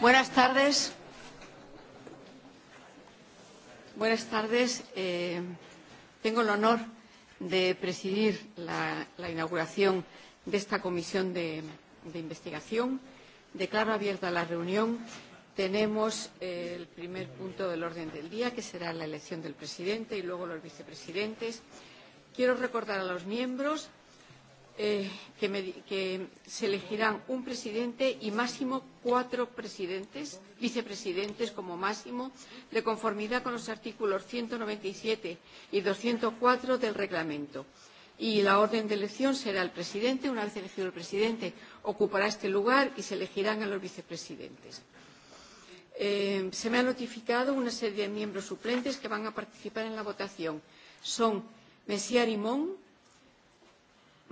Buenas tardes. Buenas tardes. tengo el honor de presidir la, la inauguración de esta comisión de, de investigación. Declaro abierta la reunión. Tenemos el primer punto del orden del día, que será la elección del presidente y luego los vicepresidentes. Quiero recordar a los miembros que se elegirán un presidente y máximo cuatro presidentes, vicepresidentes como máximo, de conformidad con los artículos 197 y 204 del reglamento. Y la orden de elección será el presidente. Una vez elegido el presidente, ocupará este lugar y se elegirán a los vicepresidentes. Se me ha notificado una serie de miembros suplentes que van a participar en la votación. Son Messier Imón,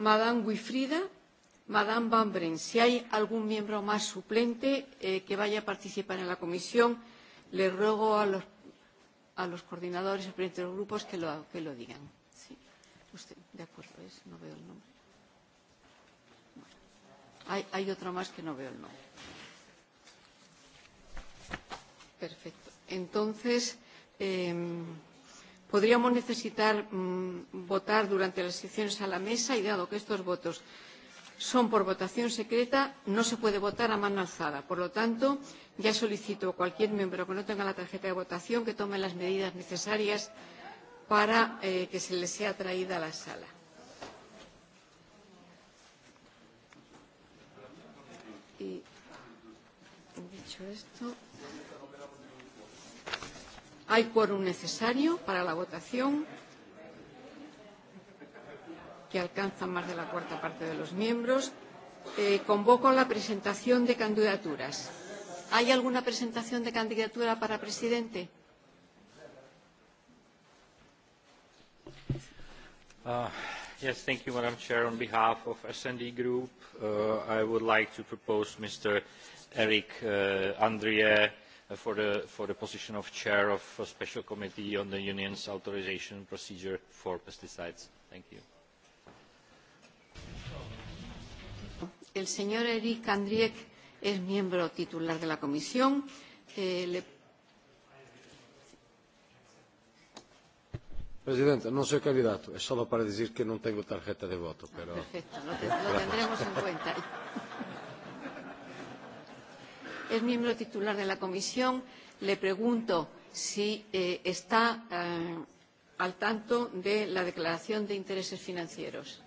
Madame Wifrida, Madame Van Bren. Si hay algún miembro más suplente que vaya a participar en la comisión, le ruego a los, a los coordinadores y los grupos que lo, que lo digan. Sí. Usted, de acuerdo, es, no veo el nombre. Bueno, hay, hay otro más que no veo el nombre. Perfecto. Entonces, eh, podríamos necesitar votar durante las sesiones a la mesa y dado que estos votos son por votación secreta, no se puede votar a mano alzada. Por lo tanto, ya solicito a cualquier miembro que no tenga la tarjeta de votación que tome las medidas necesarias para que se le sea traída a la sala. Y dicho esto. Hay quórum necesario para la votación, que alcanza más de la cuarta parte de los miembros. Eh, convoco la presentación de candidaturas. ¿Hay alguna presentación de candidatura para presidente? yes, thank you, Madam Chair. On behalf of S&D Group, I would like to propose Mr. Eric uh, for the for the position of Chair of a Special Committee on the Union's Authorization Procedure for Pesticides. Thank you. El señor Eric Andriek es miembro titular de la Comisión. Presidente, non soy candidato, es solo para decir que no tengo tarjeta de voto. Pero... Perfecto, lo tendremos en cuenta es miembro titular de la Comisión, le pregunto si está al tanto de la declaración de intereses financieros.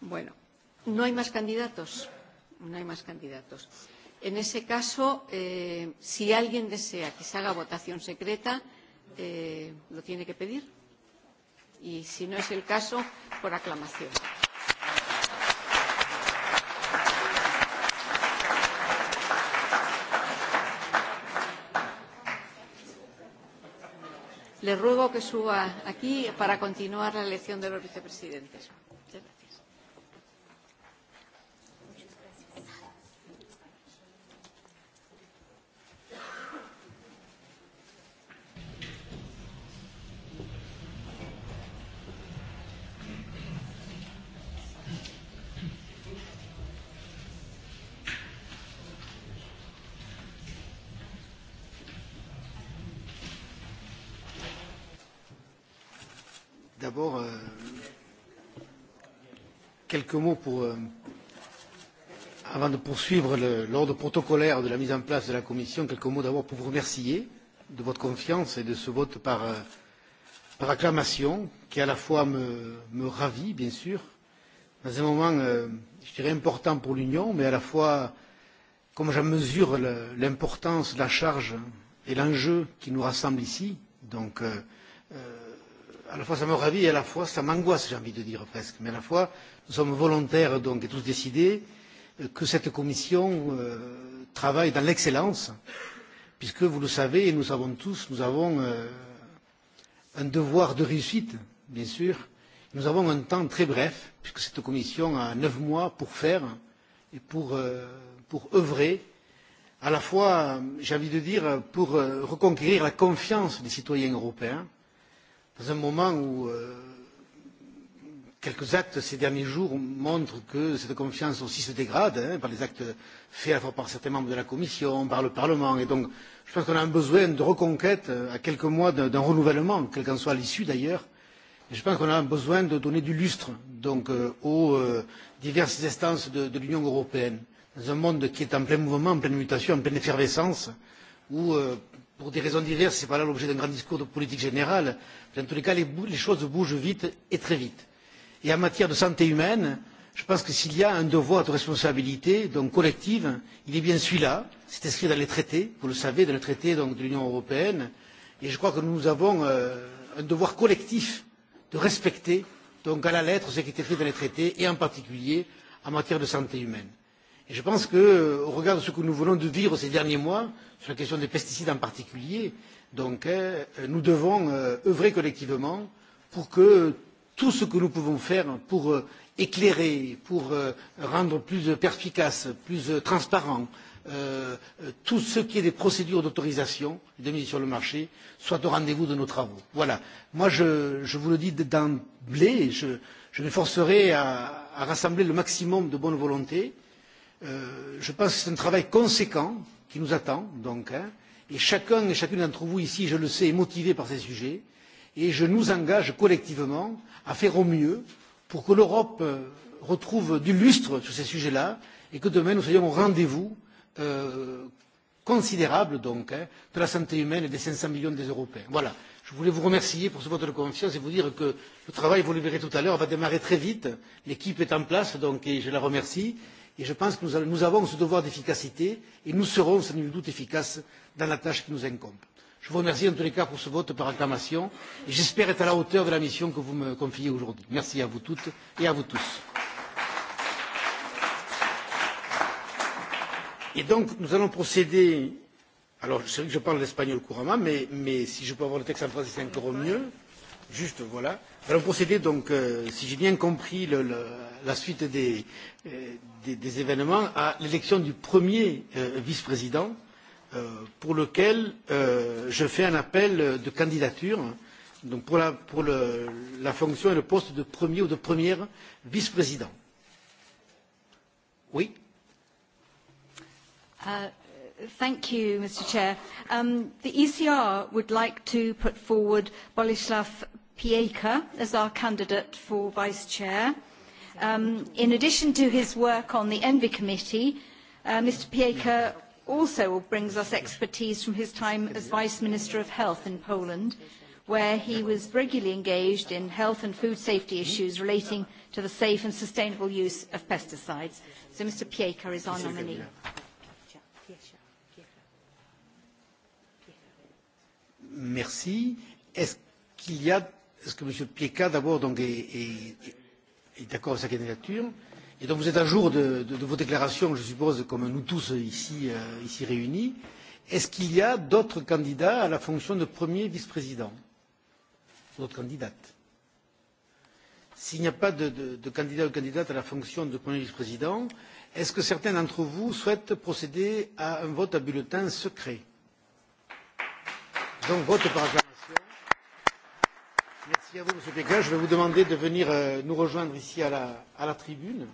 Bueno, no hay más candidatos. No hay más candidatos. En ese caso, si alguien desea que se haga votación secreta, ¿lo tiene que pedir? y, si no es el caso, por aclamación. Le ruego que suba aquí para continuar la elección de los vicepresidentes. quelques mots pour, avant de poursuivre l'ordre protocolaire de la mise en place de la commission, quelques mots d'abord pour vous remercier de votre confiance et de ce vote par, acclamation qui à la fois me, me ravit, bien sûr, dans un moment, je dirais, important pour l'Union, mais à la fois, comme j'en mesure l'importance, la charge et l'enjeu qui nous rassemble ici, donc à la fois ça me ravit et à la fois ça m'angoisse, j'ai envie de dire presque, mais à la fois nous sommes volontaires donc et tous décidés que cette commission travaille dans l'excellence, puisque vous le savez et nous savons tous, nous avons un devoir de réussite, bien sûr, nous avons un temps très bref, puisque cette commission a neuf mois pour faire et pour œuvrer, à la fois, j'ai envie de dire, pour reconquérir la confiance des citoyens européens dans un moment où quelques actes ces derniers jours montrent que cette confiance aussi se dégrade par les actes faits à la fois par certains membres de la commission par le parlement et donc je pense qu'on a un besoin de reconquête à quelques mois d'un renouvellement quelle qu'en soit l'issue d'ailleurs et je pense qu'on a un besoin de donner du lustre donc aux diverses instances de l'union européenne dans un monde qui est en plein mouvement en pleine mutation en pleine effervescence où pour des raisons diverses, ce n'est pas là l'objet d'un grand discours de politique générale, mais en tous les cas, les choses bougent vite et très vite. Et en matière de santé humaine, je pense que s'il y a un devoir de responsabilité collective, il est bien celui-là. C'est inscrit dans les traités, vous le savez, dans les traités de l'Union européenne. Et je crois que nous avons un devoir collectif de respecter donc à la lettre ce qui est écrit dans les traités et en particulier en matière de santé humaine je pense qu'au regard de ce que nous venons de vivre ces derniers mois, sur la question des pesticides en particulier, donc, nous devons œuvrer collectivement pour que tout ce que nous pouvons faire pour éclairer, pour rendre plus perspicace, plus transparent, tout ce qui est des procédures d'autorisation et de mise sur le marché soit au rendez-vous de nos travaux. Voilà. Moi, je vous le dis d'emblée, je m'efforcerai à rassembler le maximum de bonne volonté Je pense que c'est un travail conséquent qui nous attend, donc, et chacun et chacune d'entre vous ici, je le sais, est motivé par ces sujets, et je nous engage collectivement à faire au mieux pour que l'Europe retrouve du lustre sur ces sujets-là, et que demain nous soyons au rendez-vous considérable, donc, de la santé humaine et des 500 millions des Européens. Voilà. Je voulais vous remercier pour ce vote de confiance et vous dire que le travail, vous le verrez tout à l'heure, va démarrer très vite. L'équipe est en place, donc, et je la remercie Et je pense que nous avons ce devoir d'efficacité et nous serons sans nul doute efficaces dans la tâche qui nous incombe. Je vous remercie en tous les cas pour ce vote par acclamation et j'espère être à la hauteur de la mission que vous me confiez aujourd'hui. Merci à vous toutes et à vous tous. Et donc, nous allons procéder. Alors, c'est vrai que je parle l'espagnol couramment, mais si je peux avoir le texte en français, c'est encore mieux. Juste, voilà. Alors, procéder, donc, si j'ai bien compris la suite des événements, à l'élection du premier vice-président, pour lequel je fais un appel de candidature donc pour la fonction et le poste de premier ou de première vice-président. Oui. Thank you, Mr. Chair. The ECR would like to put forward Bolislav Pieka as our candidate for Vice Chair. In addition to his work on the EnvY Committee, Mr. Piéka also brings us expertise from his time as Vice Minister of Health in Poland, where he was regularly engaged in health and food safety issues relating to the safe and sustainable use of pesticides. So Mr. Piéka is our nominee. Merci. Est-ce qu'il y a Est-ce que M. Pieka, d'abord, donc, est, d'accord avec sa candidature Et donc, vous êtes à jour de, vos déclarations, je suppose, comme nous tous ici, ici réunis. Est-ce qu'il y a d'autres candidats à la fonction de premier vice-président D'autres candidates S'il n'y a pas de, de, candidat ou candidate à la fonction de premier vice-président, est-ce que certains d'entre vous souhaitent procéder à un vote à bulletin secret Donc, vote par Merci à vous, Monsieur Pékin. Je vais vous demander de venir nous rejoindre ici à la, à la tribune.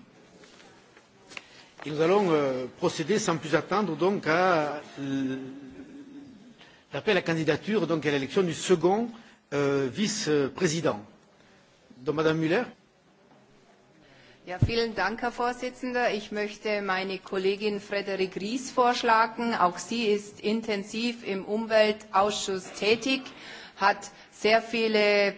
Et nous allons procéder sans plus attendre donc à l'appel à candidature donc à l'élection du second Vice-Präsident. Donc Madame Müller. Ja, vielen Dank, Herr Vorsitzender. Ich möchte meine Kollegin Frederik Ries vorschlagen. Auch sie ist intensiv im Umweltausschuss tätig, hat sehr viele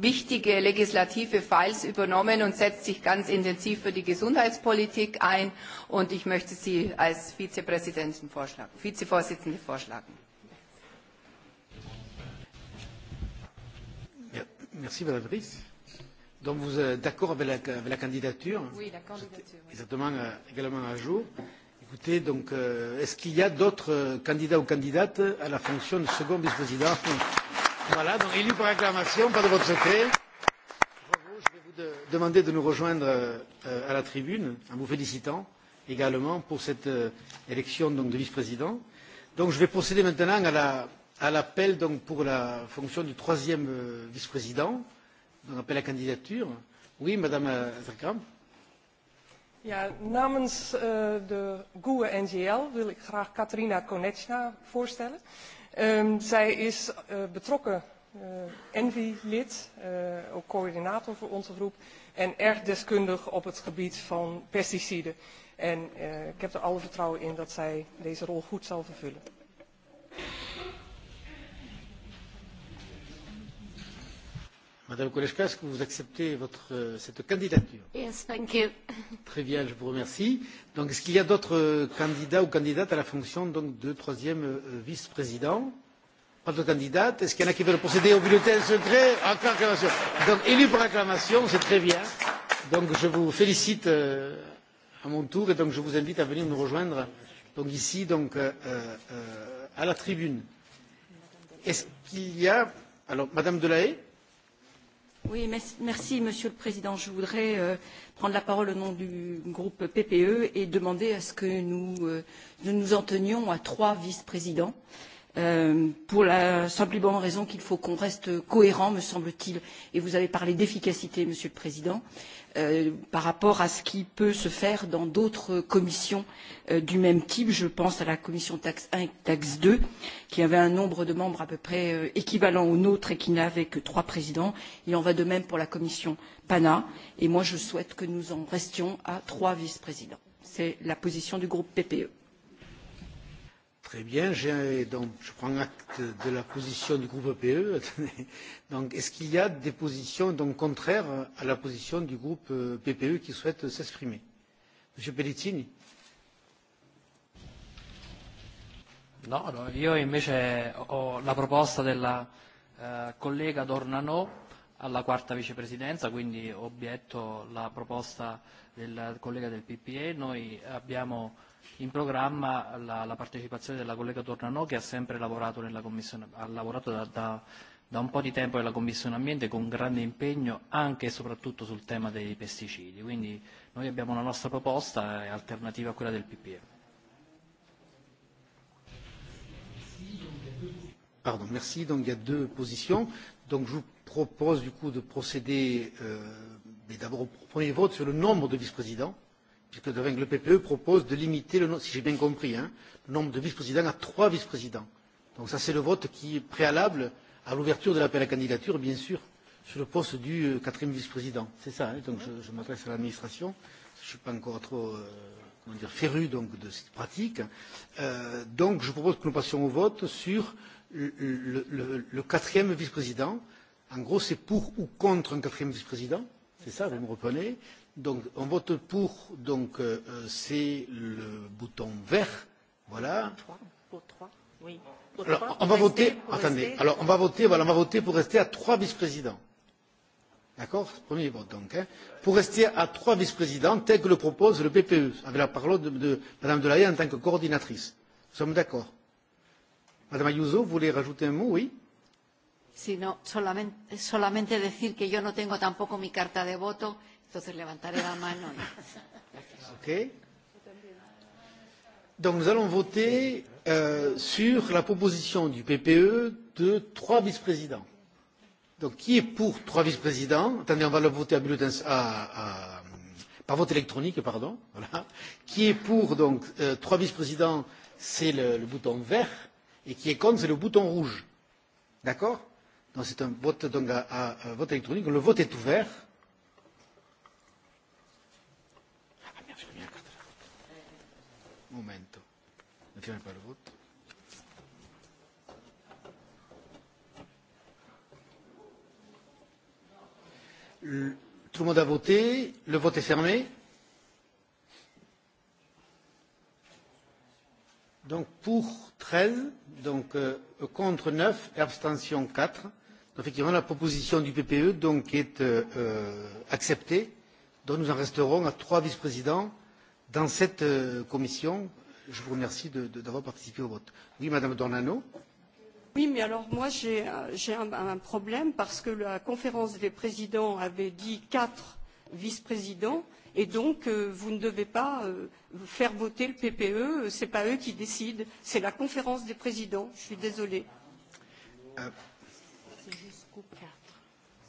wichtige legislative Files übernommen und setzt sich ganz intensiv für die Gesundheitspolitik ein. Und ich möchte Sie als Vizepräsidentin vorschlagen, Vizevorsitzende vorschlagen. Merci, Madame Donc, vous êtes d'accord avec la candidature Oui, la candidature. Exactement, également à jour. Écoutez, donc, est-ce qu'il y a d'autres candidats ou candidates à la fonction de second vice-président Voilà, donc élu par acclamation par votre secret. Bravo, je vais vous demander de nous rejoindre à la tribune en vous félicitant également pour cette élection donc, de vice-président. Donc je vais procéder maintenant à la l'appel pour la fonction du troisième vice-président. Donc appel à candidature. Oui, Madame Azerkamp. Ja, namens de GUE-NGL wil ik graag Katarina Konechna voorstellen. Zij is betrokken ENVI-lid, ook coördinator voor onze groep, en erg deskundig op het gebied van pesticiden. En ik heb er alle vertrouwen in dat zij deze rol goed zal vervullen. Madame Koleshka, est-ce que vous acceptez votre, cette candidature Yes, thank you. Très bien, je vous remercie. Donc, est-ce qu'il y a d'autres candidats ou candidates à la fonction donc, de troisième vice-président Pas de candidates Est-ce qu'il y en a qui veulent procéder au bulletin secret Encore acclamation. Donc, élu par acclamation, c'est très bien. Donc, je vous félicite à mon tour et donc je vous invite à venir nous rejoindre donc, ici, donc, euh, euh, à la tribune. Est-ce qu'il y a... Alors, Madame Delahaye Oui, merci Monsieur le Président. Je voudrais prendre la parole au nom du groupe PPE et demander à ce que nous nous en tenions à trois vice-présidents pour la simple et bonne raison qu'il faut qu'on reste cohérent, me semble-t-il. Et vous avez parlé d'efficacité, Monsieur le Président par rapport à ce qui peut se faire dans d'autres commissions du même type. Je pense à la commission taxe 1 et taxe 2, qui avait un nombre de membres à peu près équivalent au nôtre et qui n'avait que trois présidents. Il en va de même pour la commission PANA. Et moi, je souhaite que nous en restions à trois vice-présidents. C'est la position du groupe PPE. Très bien, donc je prends acte de la position du groupe PE. est-ce qu'il y a des positions donc contraires à la position du groupe PPE qui souhaite s'exprimer Monsieur Pellizzini. non io invece ho la proposta della collega Dornano alla quarta vicepresidenza, quindi obietto la proposta del collega del PPE. Noi abbiamo in programma la, la partecipazione della collega Tornanò che ha sempre lavorato, nella commissione, ha lavorato da, da, da un po' di tempo nella Commissione Ambiente con grande impegno anche e soprattutto sul tema dei pesticidi. Quindi noi abbiamo la nostra proposta alternativa a quella del PPE. Pardon, merci. Donc il y a deux positions. Donc propose du coup de procéder d'abord au premier vote sur le nombre de vice-présidents, puisque de le PPE propose de limiter, le si j'ai bien compris, le nombre de vice-présidents à trois vice-présidents. Donc ça c'est le vote qui est préalable à l'ouverture de l'appel à candidature, bien sûr, sur le poste du quatrième vice-président. C'est ça, donc je m'adresse à l'administration. Je ne suis pas encore trop comment dire, féru donc, de cette pratique. donc je propose que nous passions au vote sur le quatrième vice-président En gros, c'est pour ou contre un quatrième vice-président. C'est ça, vous me reprenez. Donc, on vote pour, donc c'est le bouton vert. Voilà. oui. Alors, on va voter, attendez, alors on va voter, voilà, on va voter pour rester à trois vice-présidents. D'accord Premier vote donc. Hein. Pour rester à trois vice-présidents, tel que le propose le PPE, avec la parole de, de Mme Delahaye en tant que coordinatrice. Nous sommes d'accord Madame Ayuso, vous voulez rajouter un mot Oui sino solamente, solamente decir que yo no tengo tampoco mi carta de voto, entonces levantaré la mano. Y... Donc nous allons voter euh, sur la proposition du PPE de trois vice-présidents. Donc qui est pour trois vice-présidents Attendez, on va le voter à bulletin, à, à, par vote électronique, pardon. Voilà. Qui est pour donc trois vice-présidents C'est le, le bouton vert. Et qui est contre, c'est le bouton rouge. D'accord Donc c'est un vote donc à vote électronique. Le vote est ouvert. Momento. Ne fermez le vote. Tout le monde a voté. Le vote est fermé. Donc pour 13, donc contre 9, abstention 4 effectivement, la proposition du PPE est acceptée, donc nous en resterons à trois vice-présidents dans cette commission. Je vous remercie d'avoir participé au vote. Oui, Madame Dornano. Oui, mais alors moi j'ai un problème parce que la conférence des présidents avait dit quatre vice-présidents et donc vous ne devez pas faire voter le PPE, ce n'est pas eux qui décident, c'est la conférence des présidents, je suis désolée. C'est 4.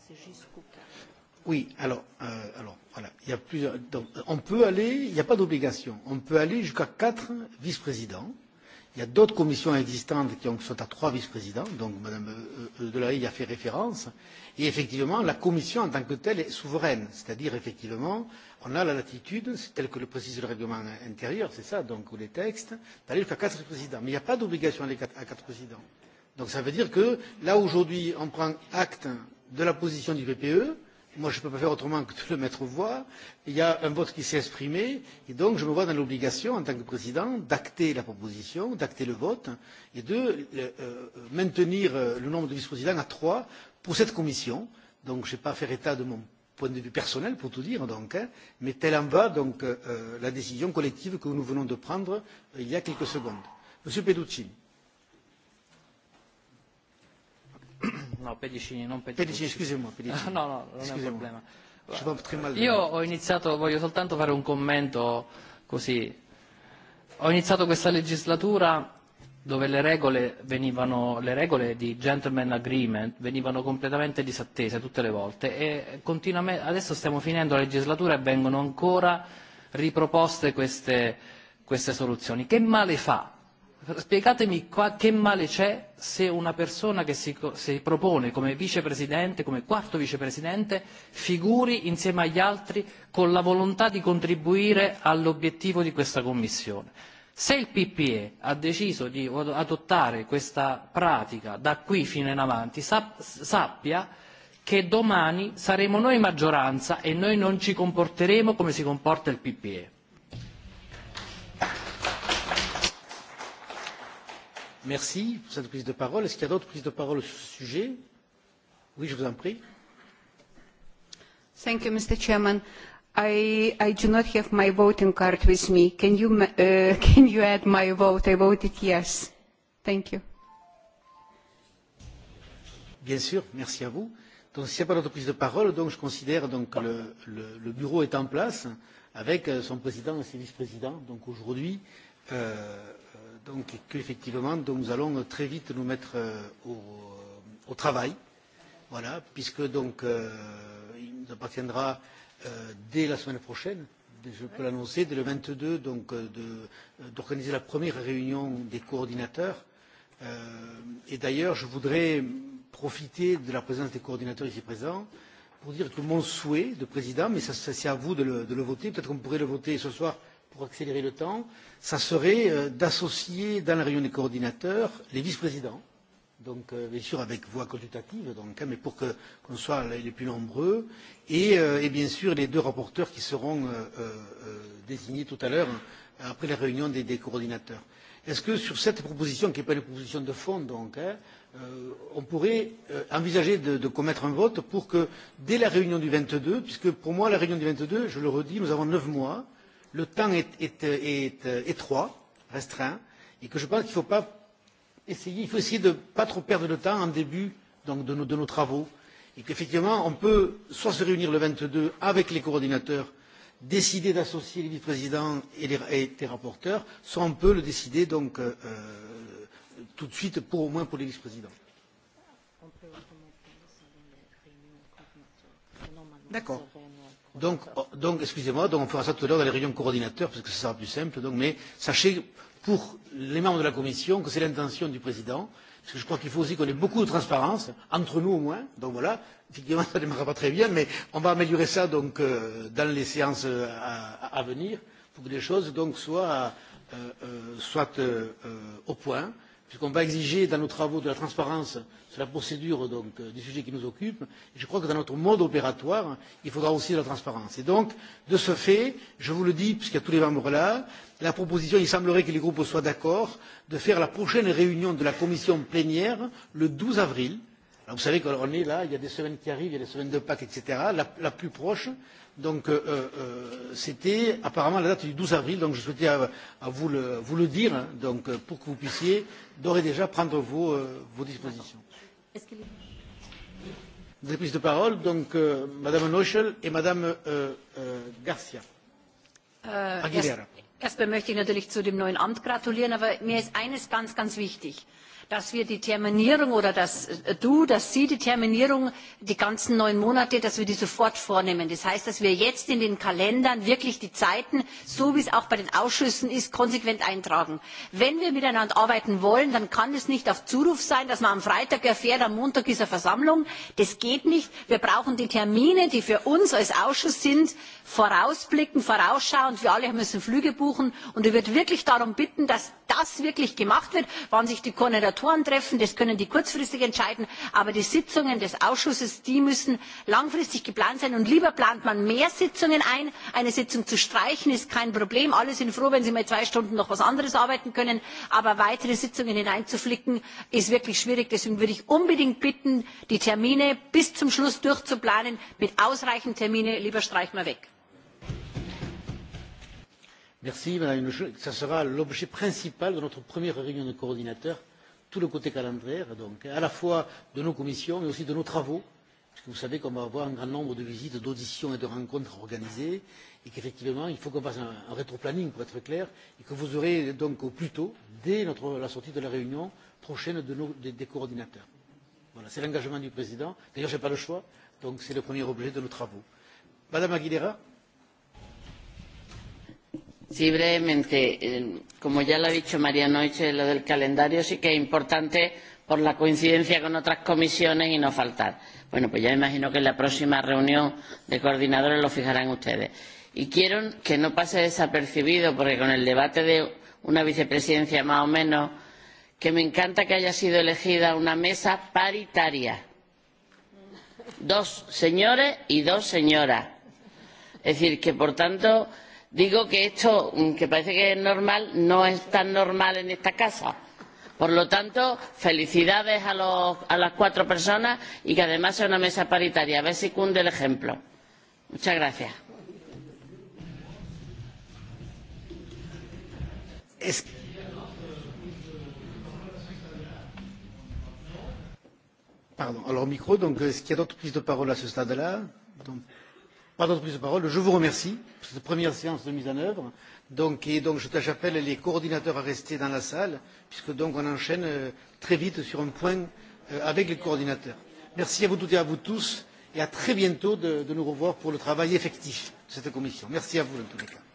C'est 4. Oui, alors, alors voilà, il y a plusieurs. on peut aller, il n'y a pas d'obligation, on peut aller jusqu'à quatre vice-présidents. Il y a d'autres commissions existantes qui sont à trois vice-présidents, donc Mme Delahaye y a fait référence. Et effectivement, la commission en tant que telle est souveraine, c'est-à-dire effectivement, on a la latitude, tel que le précise le règlement intérieur, c'est ça, donc, ou les textes, d'aller jusqu'à quatre présidents. Mais il n'y a pas d'obligation à quatre présidents. Donc ça veut dire que là aujourd'hui on prend acte de la position du PPE, moi je ne peux pas faire autrement que de le mettre aux voix, il y a un vote qui s'est exprimé et donc je me vois dans l'obligation en tant que président d'acter la proposition, d'acter le vote et de maintenir le nombre de vice-présidents à trois pour cette commission. Donc je ne vais pas faire état de mon point de vue personnel pour tout dire donc, mais tel en va donc la décision collective que nous venons de prendre il y a quelques secondes. Monsieur Peducci. No, Pedicini, non Pedicini. Pedicini, scusami, Pedicini. No, no, non è un problema. Io ho iniziato, voglio soltanto fare un commento così. Ho iniziato questa legislatura dove le regole venivano le regole di gentleman agreement venivano completamente disattese tutte le volte e adesso stiamo finendo la legislatura e vengono ancora riproposte queste queste soluzioni che male fa Spiegatemi che male c'è se una persona che si propone come vicepresidente, come quarto vicepresidente, figuri insieme agli altri con la volontà di contribuire all'obiettivo di questa Commissione. Se il PPE ha deciso di adottare questa pratica da qui fino in avanti, sappia che domani saremo noi maggioranza e noi non ci comporteremo come si comporta il PPE. Merci pour cette prise de parole. Est-ce qu'il y a d'autres prises de parole sur ce sujet Oui, je vous en prie. Thank you, Mr. Chairman. I, I do not have my voting card with me. Can you, uh, can you add my vote? I voted yes. Thank you. Bien sûr, merci à vous. Donc, s'il n'y a pas d'autres prises de parole, donc, je considère donc, le, le, le bureau est en place avec son président et ses vice-présidents. Donc, aujourd'hui, euh, donc qu'effectivement nous allons très vite nous mettre au travail voilà puisque donc il nous appartiendra dès la semaine prochaine je peux l'annoncer dès le 22 donc d'organiser la première réunion des coordinateurs et d'ailleurs je voudrais profiter de la présence des coordinateurs ici présents pour dire que mon souhait de président mais c'est à vous de le voter peut-être qu'on pourrait le voter ce soir pour accélérer le temps, ça serait d'associer dans la réunion des coordinateurs les vice-présidents, donc bien sûr avec voix consultative, donc, mais pour qu'on soit les plus nombreux, et bien sûr les deux rapporteurs qui seront désignés tout à l'heure après la réunion des coordinateurs. Est-ce que sur cette proposition, qui n'est pas une proposition de fond, donc, on pourrait envisager de commettre un vote pour que, dès la réunion du 22, puisque pour moi, la réunion du 22, je le redis, nous avons neuf mois, le temps est étroit, restreint, et que je pense qu'il ne faut pas essayer, il faut essayer de ne pas trop perdre le temps en début de nos travaux, et qu'effectivement, on peut soit se réunir le 22 avec les coordinateurs, décider d'associer les vice-présidents et les rapporteurs, soit on peut le décider donc tout de suite, pour au moins pour les vice-présidents. D'accord. Donc, donc excusez-moi, on fera ça tout à l'heure dans les réunions coordinateurs, parce que ce sera plus simple. Donc, mais sachez, pour les membres de la Commission, que c'est l'intention du Président, parce que je crois qu'il faut aussi qu'on ait beaucoup de transparence, entre nous au moins. Donc voilà, effectivement, ça ne démarrera pas très bien, mais on va améliorer ça donc, dans les séances à, venir, pour que les choses donc, soient, soient au point puisqu'on va exiger dans nos travaux de la transparence sur la procédure donc, du sujet qui nous occupe, je crois que dans notre mode opératoire, il faudra aussi de la transparence. Et donc, de ce fait, je vous le dis, puisqu'il y a tous les membres là, la proposition, il semblerait que les groupes soient d'accord, de faire la prochaine réunion de la commission plénière le 12 avril. Alors vous savez qu'on est là, il y a des semaines qui arrivent, il y a des semaines de Pâques, etc., la, la plus proche, Donc c'était apparemment la date du 12 avril, donc je souhaitais vous le dire, donc pour que vous puissiez d'ores et déjà prendre vos dispositions. avez de parole, donc Madame Nochel et Madame Garcia. Aguilera erstmal möchte ich natürlich zu dem neuen amt gratulieren aber mir ist eines ganz ganz wichtig dass wir die terminierung oder dass du dass sie die terminierung die ganzen neun monate dass wir die sofort vornehmen das heißt dass wir jetzt in den kalendern wirklich die zeiten so wie es auch bei den ausschüssen ist konsequent eintragen. wenn wir miteinander arbeiten wollen dann kann es nicht auf zuruf sein dass man am freitag erfährt am montag ist eine versammlung das geht nicht. wir brauchen die termine die für uns als ausschuss sind vorausblicken vorausschauen, wir alle müssen flüge suchen. Und ich würde wirklich darum bitten, dass das wirklich gemacht wird, wann sich die Koordinatoren treffen, das können die kurzfristig entscheiden, aber die Sitzungen des Ausschusses, die müssen langfristig geplant sein. Und lieber plant man mehr Sitzungen ein, eine Sitzung zu streichen ist kein Problem. Alle sind froh, wenn sie mal zwei Stunden noch was anderes arbeiten können, aber weitere Sitzungen hineinzuflicken, ist wirklich schwierig. Deswegen würde ich unbedingt bitten, die Termine bis zum Schluss durchzuplanen, mit ausreichend Terminen lieber streichen wir weg. Merci, Madame Ce sera l'objet principal de notre première réunion de coordinateurs, tout le côté calendrier, donc à la fois de nos commissions, mais aussi de nos travaux, puisque vous savez qu'on va avoir un grand nombre de visites, d'auditions et de rencontres organisées, et qu'effectivement, il faut qu'on fasse un rétro-planning, pour être clair, et que vous aurez donc au plus tôt, dès la sortie de la réunion prochaine des coordinateurs. Voilà, c'est l'engagement du Président. D'ailleurs, je n'ai pas le choix, donc c'est le premier objet de nos travaux. Madame Aguilera Sí, brevemente. Como ya lo ha dicho María Noiche, lo del calendario sí que es importante por la coincidencia con otras comisiones y no faltar. Bueno, pues ya imagino que en la próxima reunión de coordinadores lo fijarán ustedes. Y quiero que no pase desapercibido, porque con el debate de una vicepresidencia más o menos, que me encanta que haya sido elegida una mesa paritaria. Dos señores y dos señoras. Es decir, que por tanto digo que esto que parece que es normal no es tan normal en esta casa. por lo tanto felicidades a las cuatro personas y que además sea una mesa paritaria a ver si cunde el ejemplo. muchas gracias. a de pas d'autres prises de parole. Je vous remercie pour cette première séance de mise en œuvre. Donc, et donc, j'appelle les coordinateurs à rester dans la salle, puisque donc on enchaîne très vite sur un point avec les coordinateurs. Merci à vous toutes et à vous tous, et à très bientôt de, de nous revoir pour le travail effectif de cette commission. Merci à vous, en tous les cas.